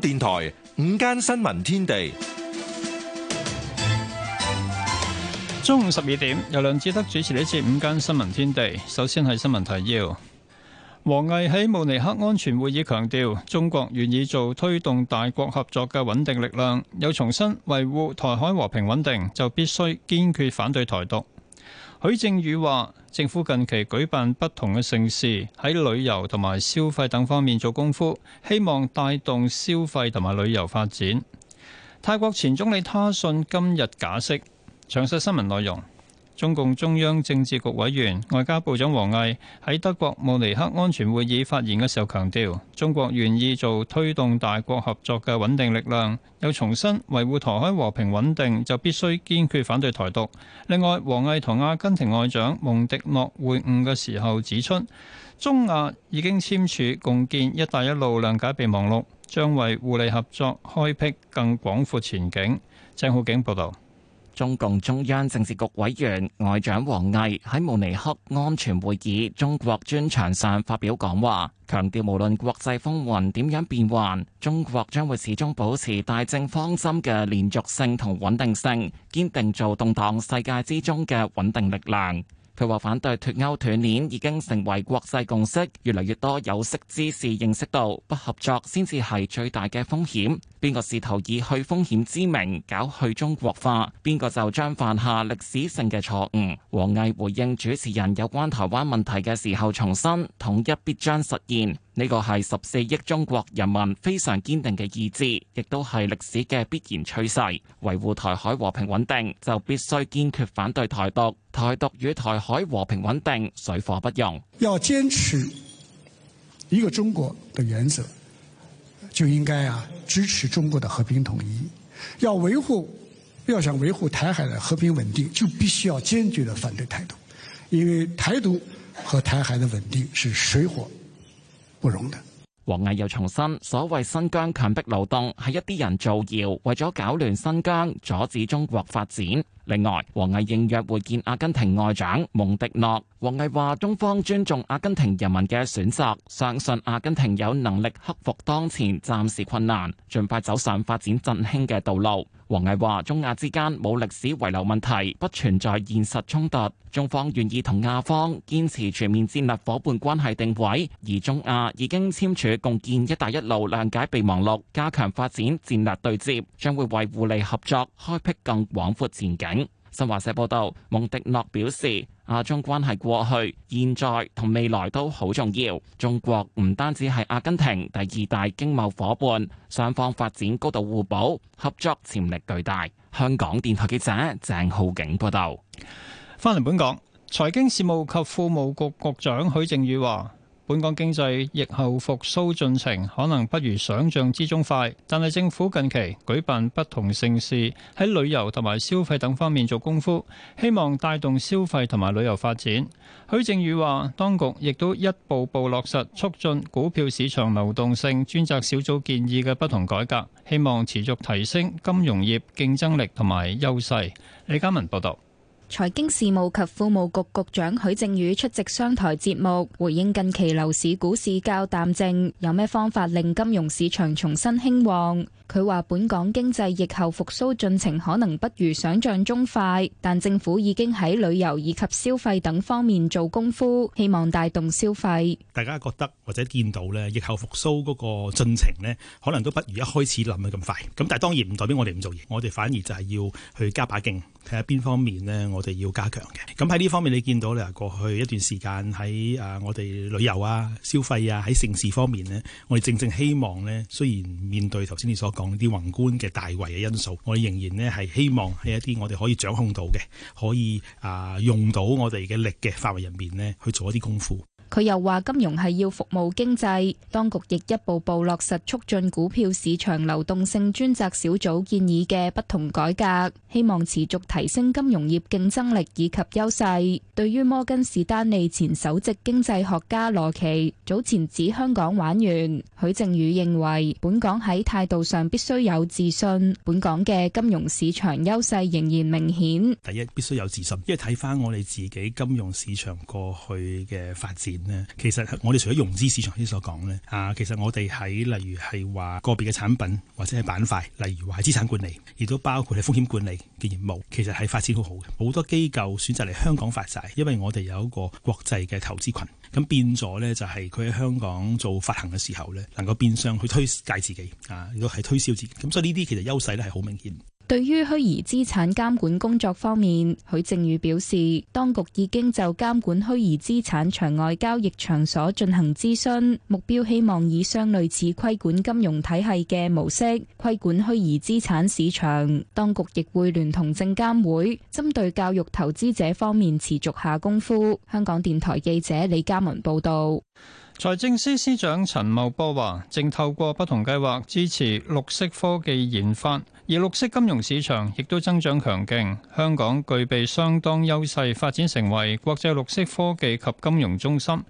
電台午間新聞天地，中午十二點由梁志德主持呢次午間新聞天地。首先係新聞提要。王毅喺慕尼黑安全會議強調，中國願意做推動大國合作嘅穩定力量，又重申維護台海和平穩定就必須堅決反對台獨。許正宇話：政府近期舉辦不同嘅盛事，喺旅遊同埋消費等方面做功夫，希望帶動消費同埋旅遊發展。泰國前總理他信今日假釋。詳細新聞內容。中共中央政治局委員、外交部長王毅喺德國慕尼黑安全會議發言嘅時候，強調中國願意做推動大國合作嘅穩定力量。又重申維護台海和平穩定，就必須堅決反對台獨，另外，王毅同阿根廷外長蒙迪諾會晤嘅時候指出，中亞已經簽署共建「一帶一路」諒解備忘錄，將為互利合作開闢更廣闊前景。鄭浩景報道。中共中央政治局委員，外長王毅喺慕尼克安全會議中國專場上發表講話，強調無論國際風雲點樣變幻，中國將會始終保持大政方針嘅連續性同穩定性，堅定做動盪世界之中嘅穩定力量。佢話：反對脱歐斷鏈已經成為國際共識，越嚟越多有識之士認識到，不合作先至係最大嘅風險。邊個試圖以去風險之名搞去中國化，邊個就將犯下歷史性嘅錯誤。王毅回應主持人有關台灣問題嘅時候，重申統一必將實現。呢個係十四億中國人民非常堅定嘅意志，亦都係歷史嘅必然趨勢。維護台海和平穩定，就必須堅決反對台獨。台獨與台海和平穩定，水火不容。要堅持一個中國的原則，就應該啊支持中國的和平統一。要維護，要想維護台海的和平穩定，就必須要堅決的反對台獨，因為台獨和台海的穩定是水火。王毅又重申，所謂新疆強迫勞動，係一啲人造謠，為咗搞亂新疆，阻止中國發展。另外，王毅應約會見阿根廷外長蒙迪諾。王毅話中方尊重阿根廷人民嘅選擇，相信阿根廷有能力克服當前暫時困難，盡快走上發展振興嘅道路。王毅話中亞之間冇歷史遺留問題，不存在現實衝突。中方願意同亞方堅持全面戰略伙伴關係定位，而中亞已經簽署共建「一帶一路」諒解備忘錄，加強發展戰略對接，將會為互利合作開辟更廣闊前景。新華社報道，蒙迪諾表示。阿中關係過去、現在同未來都好重要。中國唔單止係阿根廷第二大經貿伙伴，雙方發展高度互補，合作潛力巨大。香港電台記者鄭浩景報道。翻嚟本港，財經事務及庫務局局長許正宇話。本港經濟疫後復甦進程可能不如想像之中快，但係政府近期舉辦不同盛事，喺旅遊同埋消費等方面做功夫，希望帶動消費同埋旅遊發展。許正宇話：當局亦都一步步落實促進股票市場流動性專責小組建議嘅不同改革，希望持續提升金融業競爭力同埋優勢。李嘉文報道。財經事務及庫務局局長許正宇出席商台節目，回應近期樓市、股市較淡靜，有咩方法令金融市場重新興旺？佢話本港經濟疫後復甦進程可能不如想象中快，但政府已經喺旅遊以及消費等方面做功夫，希望帶動消費。大家覺得或者見到咧，疫後復甦嗰個進程呢，可能都不如一開始諗嘅咁快。咁但係當然唔代表我哋唔做嘢，我哋反而就係要去加把勁，睇下邊方面呢？我哋要加強嘅，咁喺呢方面你見到咧，過去一段時間喺啊，我哋旅遊啊、消費啊，喺城市方面咧，我哋正正希望咧，雖然面對頭先你所講啲宏觀嘅大圍嘅因素，我哋仍然咧係希望喺一啲我哋可以掌控到嘅，可以啊用到我哋嘅力嘅範圍入面咧，去做一啲功夫。佢又話：金融係要服務經濟，當局亦一步步落實促進股票市場流動性專責小組建議嘅不同改革，希望持續提升金融業競爭力以及優勢。對於摩根士丹利前首席經濟學家羅奇，早前指香港玩完，許正宇認為本港喺態度上必須有自信，本港嘅金融市場優勢仍然明顯。第一，必須有自信，因為睇返我哋自己金融市場過去嘅發展。其實我哋除咗融資市場先所講呢，啊，其實我哋喺例如係話個別嘅產品或者係板塊，例如話資產管理，亦都包括係風險管理嘅業務，其實係發展好好嘅。好多機構選擇嚟香港發債，因為我哋有一個國際嘅投資群，咁變咗呢，就係佢喺香港做發行嘅時候呢，能夠變相去推介自己，啊，如果係推銷自己，咁所以呢啲其實優勢呢係好明顯。對於虛擬資產監管工作方面，許正宇表示，當局已經就監管虛擬資產場外交易場所進行諮詢，目標希望以相類似規管金融體系嘅模式規管虛擬資產市場。當局亦會聯同證監會，針對教育投資者方面持續下功夫。香港電台記者李嘉文報導。財政司司長陳茂波話，正透過不同計劃支持綠色科技研發，而綠色金融市場亦都增長強勁。香港具備相當優勢，發展成為國際綠色科技及金融中心。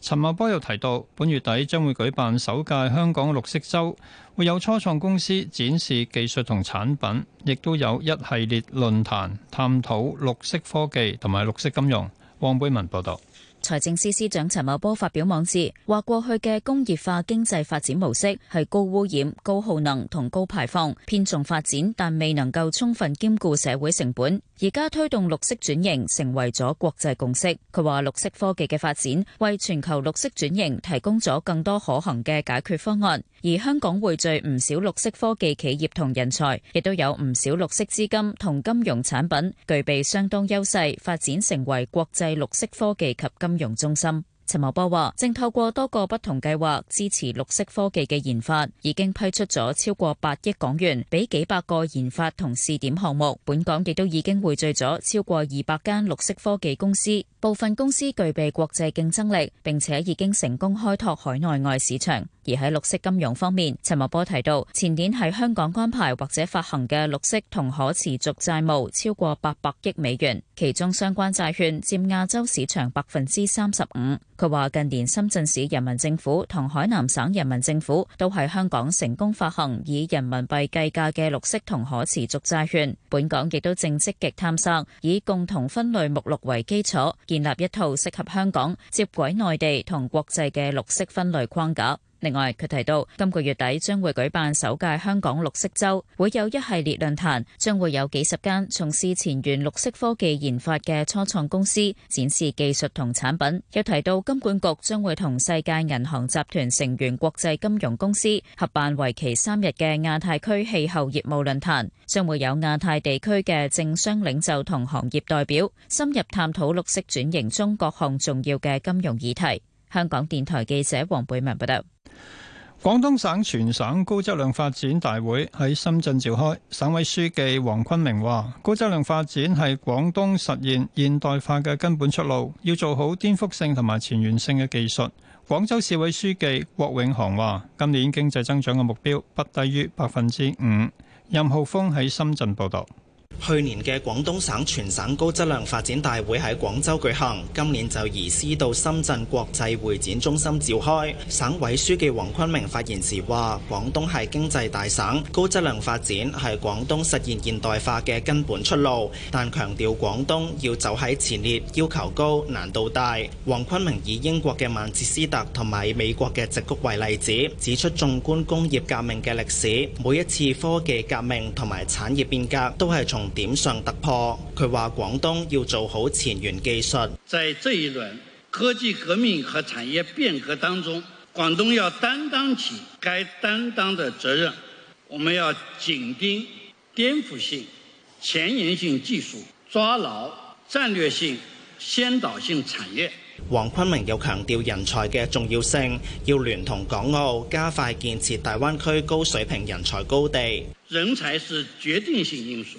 陳茂波又提到，本月底將會舉辦首屆香港綠色周，會有初創公司展示技術同產品，亦都有一系列論壇探討綠色科技同埋綠色金融。汪佩文報道。財政司司長陳茂波發表網誌，話過去嘅工業化經濟發展模式係高污染、高耗能同高排放，偏重發展，但未能夠充分兼顧社會成本。而家推動綠色轉型成為咗國際共識。佢話綠色科技嘅發展為全球綠色轉型提供咗更多可行嘅解決方案，而香港匯聚唔少綠色科技企業同人才，亦都有唔少綠色資金同金融產品，具備相當優勢，發展成為國際綠色科技及金融金融中心。陳茂波話：正透過多個不同計劃支持綠色科技嘅研發，已經批出咗超過八億港元俾幾百個研發同試點項目。本港亦都已經匯聚咗超過二百間綠色科技公司，部分公司具備國際競爭力，並且已經成功開拓海內外市場。而喺綠色金融方面，陳茂波提到，前年喺香港安排或者發行嘅綠色同可持續債務超過八百億美元，其中相關債券佔亞洲市場百分之三十五。佢話近年深圳市人民政府同海南省人民政府都喺香港成功發行以人民幣計價嘅綠色同可持續債券，本港亦都正積極探索以共同分類目錄為基礎建立一套適合香港接軌內地同國際嘅綠色分類框架。另外，佢提到今個月底將會舉辦首屆香港綠色週，會有一系列論壇，將會有幾十間從事前沿綠色科技研發嘅初創公司展示技術同產品。又提到金管局將會同世界銀行集團成員國際金融公司合辦，為期三日嘅亞太區氣候業務論壇，將會有亞太地區嘅政商領袖同行業代表深入探討綠色轉型中各項重要嘅金融議題。香港電台記者黃貝文報道。廣東省全省高質量發展大會喺深圳召開，省委書記黃坤明話：高質量發展係廣東實現現代化嘅根本出路，要做好顛覆性同埋前沿性嘅技術。廣州市委書記郭永航話：今年經濟增長嘅目標不低於百分之五。任浩峰喺深圳報道。去年嘅廣東省全省高質量發展大會喺廣州舉行，今年就移師到深圳國際會展中心召開。省委書記黃坤明發言時話，廣東係經濟大省，高質量發展係廣東實現現代化嘅根本出路。但強調廣東要走喺前列，要求高，難度大。黃坤明以英國嘅曼徹斯特同埋美國嘅矽谷為例子，指出縱觀工業革命嘅歷史，每一次科技革命同埋產業變革都係從點上突破，佢話廣東要做好前沿技術。在這一輪科技革命和產業變革當中，廣東要擔當起該擔當的責任。我們要緊盯顛覆性、前沿性技術，抓牢戰略性、先導性產業。黃坤明又強調人才嘅重要性，要聯同港澳加快建設大灣區高水平人才高地。人才是決定性因素。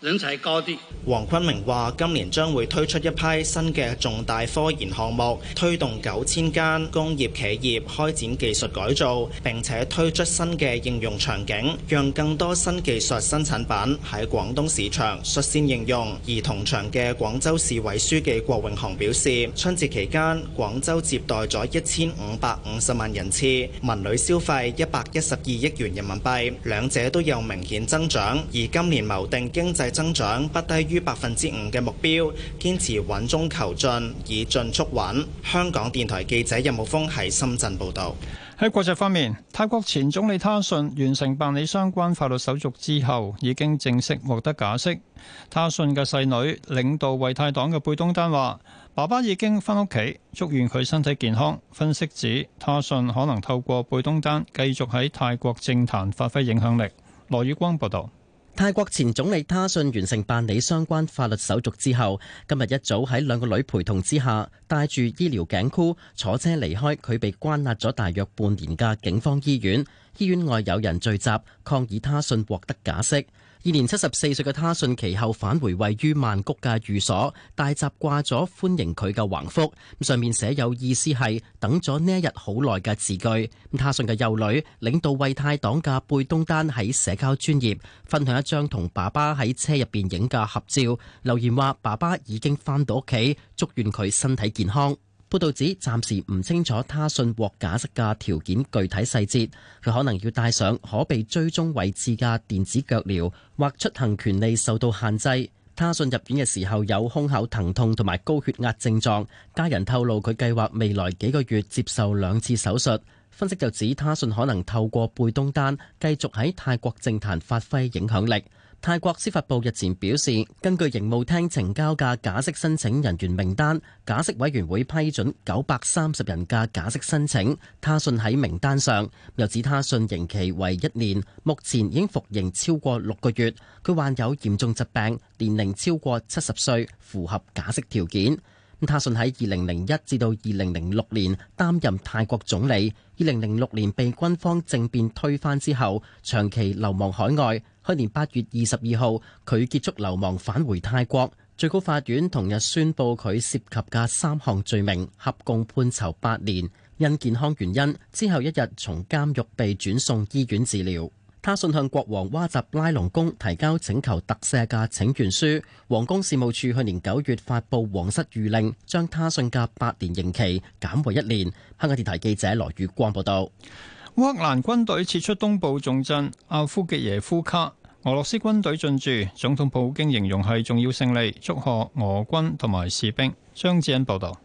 人才高地。黃坤明話：今年將會推出一批新嘅重大科研項目，推動九千間工業企業開展技術改造，並且推出新嘅應用場景，讓更多新技術新產品喺廣東市場率先應用。而同場嘅廣州市委書記郭永航表示，春節期間廣州接待咗一千五百五十萬人次，文旅消費一百一十二億元人民幣，兩者都有明顯增長。而今年謀定經濟。增長不低於百分之五嘅目標，堅持穩中求進，以進促穩。香港電台記者任慕峰喺深圳報道。喺國際方面，泰國前總理他信完成辦理相關法律手續之後，已經正式獲得假釋。他信嘅細女領導為泰黨嘅貝東丹話，爸爸已經返屋企，祝願佢身體健康。分析指，他信可能透過貝東丹繼續喺泰國政壇發揮影響力。羅宇光報道。泰國前總理他信完成辦理相關法律手續之後，今日一早喺兩個女陪同之下，戴住醫療頸箍坐車離開。佢被關押咗大約半年嘅警方醫院。醫院外有人聚集，抗議他信獲得假釋。二年七十四歲嘅他信其後返回位於曼谷嘅寓所，大閘掛咗歡迎佢嘅橫幅，上面寫有意思係等咗呢一日好耐嘅字句。他信嘅幼女，領導為泰黨嘅貝東丹喺社交專業分享一張同爸爸喺車入邊影嘅合照，留言話爸爸已經返到屋企，祝願佢身體健康。報道指，暫時唔清楚他信獲假釋嘅條件具體細節，佢可能要戴上可被追蹤位置嘅電子腳鐐，或出行權利受到限制。他信入院嘅時候有胸口疼痛同埋高血壓症狀，家人透露佢計劃未來幾個月接受兩次手術。分析就指，他信可能透過貝東丹繼續喺泰國政壇發揮影響力。泰國司法部日前表示，根據刑務廳呈交嘅假釋申請人員名單，假釋委員會批准九百三十人嘅假，假釋申請。他信喺名單上，又指他信刑期為一年，目前已經服刑超過六個月。佢患有嚴重疾病，年齡超過七十歲，符合假釋條件。他信喺二零零一至到二零零六年擔任泰國總理，二零零六年被軍方政變推翻之後，長期流亡海外。去年八月二十二號，佢結束流亡返回泰國，最高法院同日宣布佢涉及嘅三項罪名，合共判囚八年。因健康原因，之後一日從監獄被轉送醫院治療。他信向國王哇集拉隆功提交請求特赦嘅請願書。皇宮事務處去年九月發布皇室諭令，將他信嘅八年刑期減為一年。香港電台記者羅宇光報道。烏克蘭軍隊撤出東部重鎮阿夫傑耶夫卡。俄羅斯軍隊進駐，總統普京形容係重要勝利，祝賀俄軍同埋士兵。張智恩報導，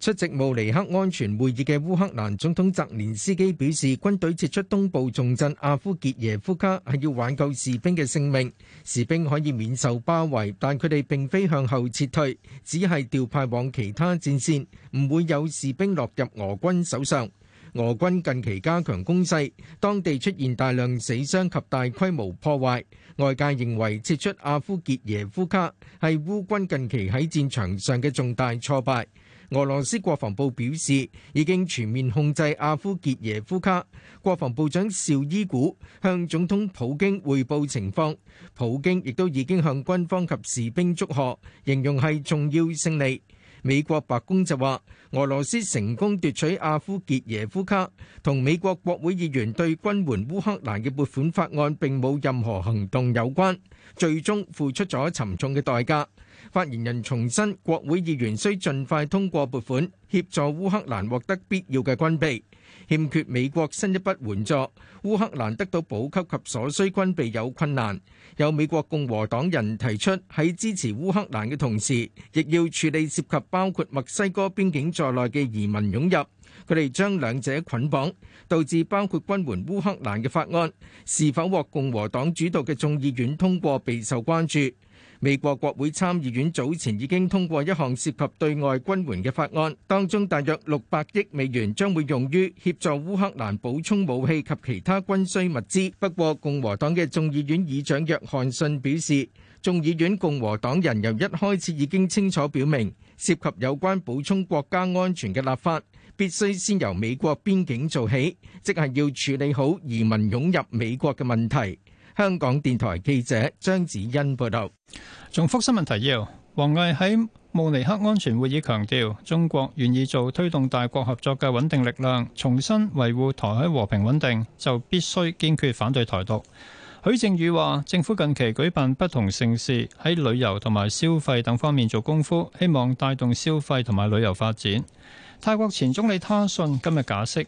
出席慕尼黑安全會議嘅烏克蘭總統澤連斯基表示，軍隊撤出東部重鎮阿夫傑耶夫卡係要挽救士兵嘅性命，士兵可以免受包圍，但佢哋並非向後撤退，只係調派往其他戰線，唔會有士兵落入俄軍手上。俄軍近期加強攻勢，當地出現大量死傷及大規模破壞。外界認為撤出阿夫傑耶夫卡係烏軍近期喺戰場上嘅重大挫敗。俄羅斯國防部表示已經全面控制阿夫傑耶夫卡。國防部長邵伊古向總統普京匯報情況，普京亦都已經向軍方及士兵祝賀，形容係重要勝利。美國白宮就話，俄羅斯成功奪取阿夫傑耶夫卡，同美國國會議員對軍援烏克蘭嘅撥款法案並冇任何行動有關，最終付出咗沉重嘅代價。發言人重申，國會議員需盡快美國國會參議院早前已經通過一項涉及對外軍援嘅法案。當中大約600億美元將會用於億美元將會用於香港電台記者張子欣報道。重複新聞提要：王毅喺慕尼黑安全會議強調，中國願意做推動大國合作嘅穩定力量，重新維護台海和平穩定，就必須堅決反對台獨。許正宇話，政府近期舉辦不同盛事喺旅遊同埋消費等方面做功夫，希望帶動消費同埋旅遊發展。泰國前總理他信今日假釋。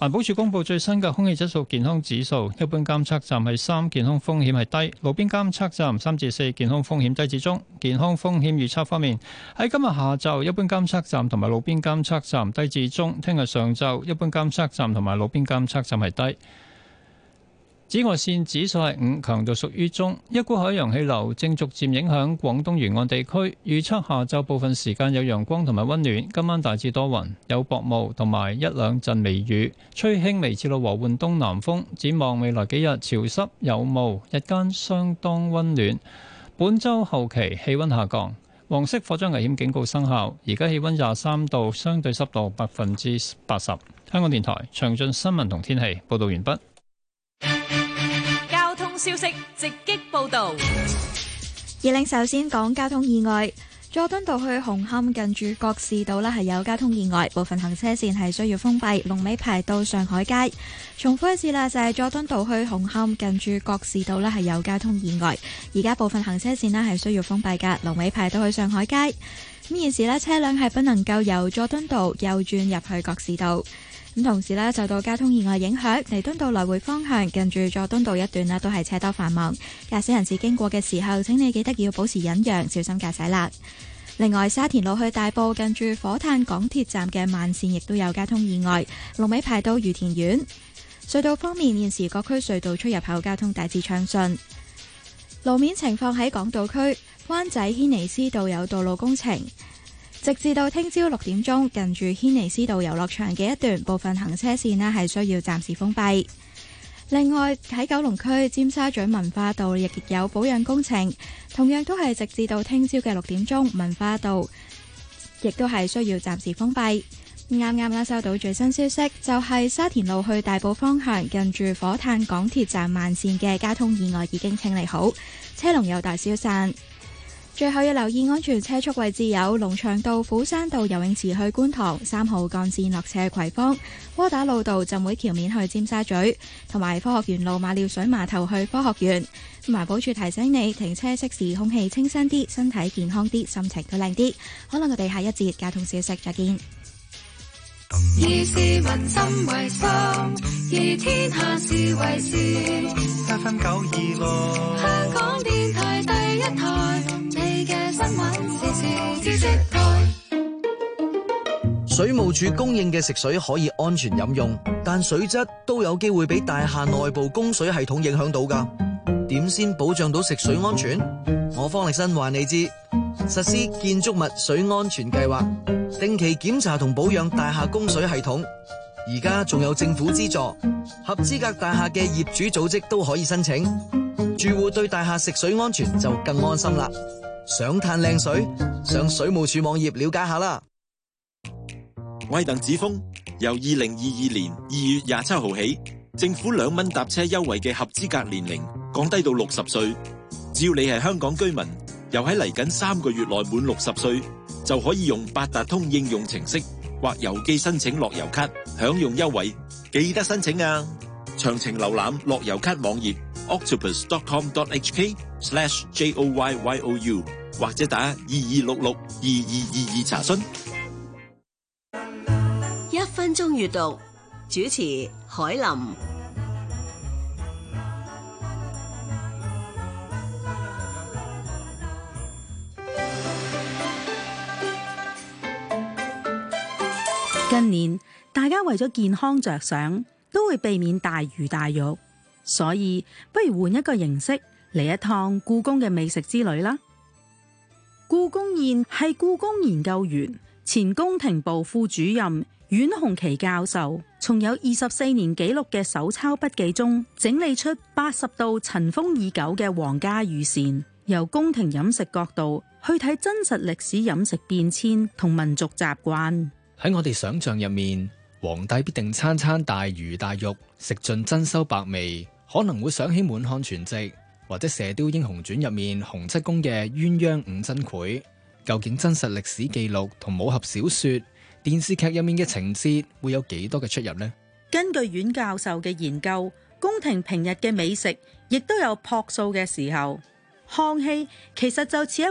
環保署公布最新嘅空氣質素健康指數，一般監測站係三，健康風險係低；路邊監測站三至四，健康風險低至中。健康風險預測方面，喺今日下晝，一般監測站同埋路邊監測站低至中；聽日上晝，一般監測站同埋路邊監測站係低。紫外線指數係五，強度屬於中。一股海洋氣流正逐漸影響廣東沿岸地區，預測下晝部分時間有陽光同埋温暖。今晚大致多雲，有薄霧同埋一兩陣微雨，吹輕微至到和緩東南風。展望未來幾日潮濕有霧，日間相當温暖。本週後期氣温下降。黃色火災危險警告生效。而家氣温廿三度，相對濕度百分之八十。香港電台詳盡新聞同天氣報導完畢。消息直擊報道，而令首先講交通意外，佐敦道去紅磡近住加士居道呢係有交通意外，部分行車線係需要封閉，龍尾排到上海街。重複一次啦，就係、是、佐敦道去紅磡近住加士居道呢係有交通意外，而家部分行車線呢係需要封閉噶，龍尾排到去上海街。咁現時呢，車輛係不能夠由佐敦道右轉入去加士居道。咁同時咧，受到交通意外影響，彌敦道來回方向近住佐敦道一段啦，都係車多繁忙，駕駛人士經過嘅時候，請你記得要保持忍讓，小心駕駛啦。另外，沙田路去大埔近住火炭港鐵站嘅慢線，亦都有交通意外。龍尾排到愉田苑隧道方面，現時各區隧道出入口交通大致暢順。路面情況喺港島區，灣仔軒尼詩道有道路工程。直至到聽朝六點鐘，近住軒尼詩道遊樂場嘅一段部分行車線咧，係需要暫時封閉。另外喺九龍區尖沙咀文化道亦，亦有保養工程，同樣都係直至到聽朝嘅六點鐘，文化道亦都係需要暫時封閉。啱啱咧，收到最新消息，就係、是、沙田路去大埔方向近住火炭港鐵站慢線嘅交通意外已經清理好，車龍有待消散。最後要留意安全車速位置有龍翔道、虎山道游泳池去觀塘、三號幹線落斜葵芳、窩打老道浸會橋面去尖沙咀，同埋科學園路馬料水碼頭去科學園。咁啊，環保署提醒你停車熄匙，空氣清新啲，身體健康啲，心情都靚啲。可能我哋下一節交通消息再見。以市民心為心，以天下事為事，不分九二六，香港電台第一台。水務署供應嘅食水可以安全飲用，但水質都有機會俾大廈內部供水系統影響到㗎。點先保障到食水安全？我方力申話你知，實施建築物水安全計劃，定期檢查同保養大廈供水系統。而家仲有政府資助，合資格大廈嘅業主組織都可以申請。住戶對大廈食水安全就更安心啦！想嘆靚水？上水務署網頁了解下啦。我係鄧子峰。由二零二二年二月廿七號起，政府兩蚊搭車優惠嘅合資格年齡降低到六十歲。只要你係香港居民，又喺嚟緊三個月內滿六十歲，就可以用八達通應用程式或郵寄申請樂悠咭，享用優惠。記得申請啊！詳情瀏覽樂悠咭網頁 octopus.com.hk/slash j o y y o u。或者打二二六六二二二二查詢。一分鐘閱讀，主持海林。近年大家為咗健康着想，都會避免大魚大肉，所以不如換一個形式嚟一趟故宮嘅美食之旅啦。故宮宴係故宮研究員、前宮廷部副主任苑洪琪教授，從有二十四年紀錄嘅手抄筆記中整理出八十道塵封已久嘅皇家御膳，由宮廷飲食角度去睇真實歷史飲食變遷同民族習慣。喺我哋想象入面，皇帝必定餐餐大魚大肉，食盡珍饈百味，可能會想起滿漢全席。或者《射鵰英雄傳》入面洪七公嘅鴛鴦五珍膾，究竟真實歷史記錄同武俠小說、電視劇入面嘅情節會有幾多嘅出入呢？根據阮教授嘅研究，宮廷平日嘅美食亦都有樸素嘅時候，看戲其實就似一。